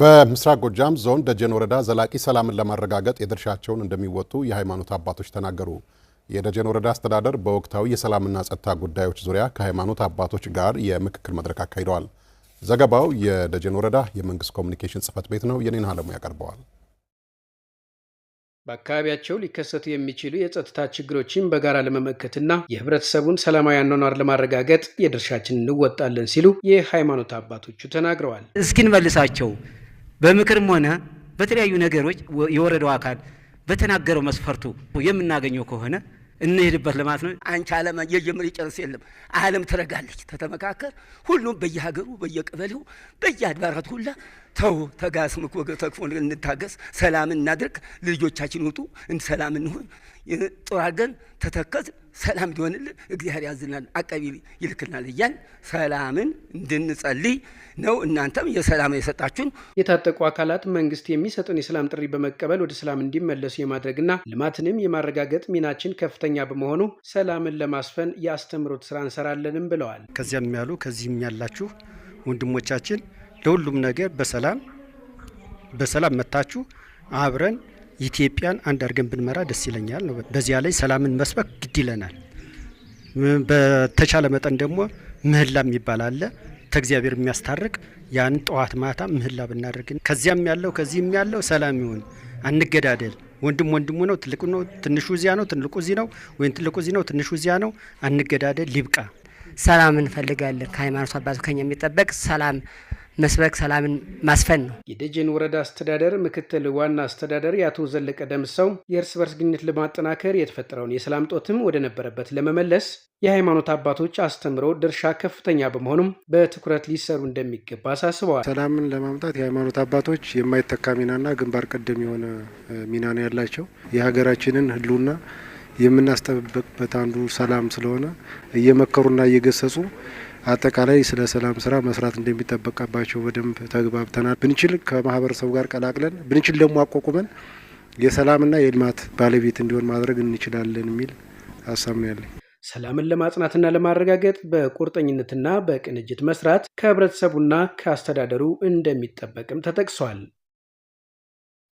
በምስራቅ ጎጃም ዞን ደጀን ወረዳ ዘላቂ ሰላምን ለማረጋገጥ የድርሻቸውን እንደሚወጡ የሃይማኖት አባቶች ተናገሩ። የደጀን ወረዳ አስተዳደር በወቅታዊ የሰላምና ጸጥታ ጉዳዮች ዙሪያ ከሃይማኖት አባቶች ጋር የምክክር መድረክ አካሂደዋል። ዘገባው የደጀን ወረዳ የመንግስት ኮሚኒኬሽን ጽህፈት ቤት ነው። የኔን አለሙ ያቀርበዋል። በአካባቢያቸው ሊከሰቱ የሚችሉ የጸጥታ ችግሮችን በጋራ ለመመከትና የህብረተሰቡን ሰላማዊ አኗኗር ለማረጋገጥ የድርሻችን እንወጣለን ሲሉ የሃይማኖት አባቶቹ ተናግረዋል። እስኪንመልሳቸው በምክርም ሆነ በተለያዩ ነገሮች የወረደው አካል በተናገረው መስፈርቱ የምናገኘው ከሆነ እንሄድበት ለማለት ነው። አንቺ አለም የጀምር ይጨርስ የለም ዓለም ትረጋለች። ተተመካከር ሁሉም በየሀገሩ በየቀበሌው በየአድባራት ሁላ ተው ተጋስ ተክፎ እንታገስ፣ ሰላም እናድርግ፣ ልጆቻችን ውጡ፣ ሰላም እንሁን፣ ጥሩ አድርገን ተተከዝ፣ ሰላም እንዲሆንልን እግዚአብሔር ያዝናል፣ አቀቢ ይልክናል እያል ሰላምን እንድንጸልይ ነው። እናንተም የሰላም የሰጣችሁን የታጠቁ አካላት መንግስት የሚሰጥን የሰላም ጥሪ በመቀበል ወደ ሰላም እንዲመለሱ የማድረግና ልማትንም የማረጋገጥ ሚናችን ከፍተኛ በመሆኑ ሰላምን ለማስፈን የአስተምሮት ስራ እንሰራለንም ብለዋል። ከዚያም ያሉ ከዚህም ያላችሁ ወንድሞቻችን ለሁሉም ነገር በሰላም በሰላም መታችሁ አብረን ኢትዮጵያን አንድ አድርገን ብንመራ ደስ ይለኛል ነው። በዚያ ላይ ሰላምን መስበክ ግድ ይለናል። በተቻለ መጠን ደግሞ ምህላ የሚባል አለ ተእግዚአብሔር የሚያስታርቅ ያን ጠዋት ማታ ምህላ ብናደርግ ከዚያም ያለው ከዚህም ያለው ሰላም ይሁን፣ አንገዳደል። ወንድም ወንድሙ ነው፣ ትልቁ ነው፣ ትንሹ እዚያ ነው፣ ትልቁ እዚህ ነው፣ ወይም ትልቁ እዚህ ነው፣ ትንሹ እዚያ ነው። አንገዳደል፣ ሊብቃ። ሰላም እንፈልጋለን። ከሃይማኖት አባቶች ከኛ የሚጠበቅ ሰላም መስበክ፣ ሰላምን ማስፈን ነው። የደጀን ወረዳ አስተዳደር ምክትል ዋና አስተዳደር የአቶ ዘለቀ ደምሰው የእርስ በርስ ግንኙነት ለማጠናከር የተፈጠረውን የሰላም ጦትም ወደ ነበረበት ለመመለስ የሃይማኖት አባቶች አስተምሮ ድርሻ ከፍተኛ በመሆኑም በትኩረት ሊሰሩ እንደሚገባ አሳስበዋል። ሰላምን ለማምጣት የሃይማኖት አባቶች የማይተካ ሚናና ግንባር ቀደም የሆነ ሚና ነው ያላቸው። የሀገራችንን ህልውና የምናስጠብቅበት አንዱ ሰላም ስለሆነ እየመከሩና እየገሰጹ አጠቃላይ ስለ ሰላም ስራ መስራት እንደሚጠበቅባቸው በደንብ ተግባብተናል። ብንችል ከማህበረሰቡ ጋር ቀላቅለን ብንችል ደግሞ አቋቁመን የሰላምና የልማት ባለቤት እንዲሆን ማድረግ እንችላለን የሚል ሀሳብ ነው ያለኝ። ሰላምን ለማጽናትና ለማረጋገጥ በቁርጠኝነትና በቅንጅት መስራት ከህብረተሰቡና ከአስተዳደሩ እንደሚጠበቅም ተጠቅሷል።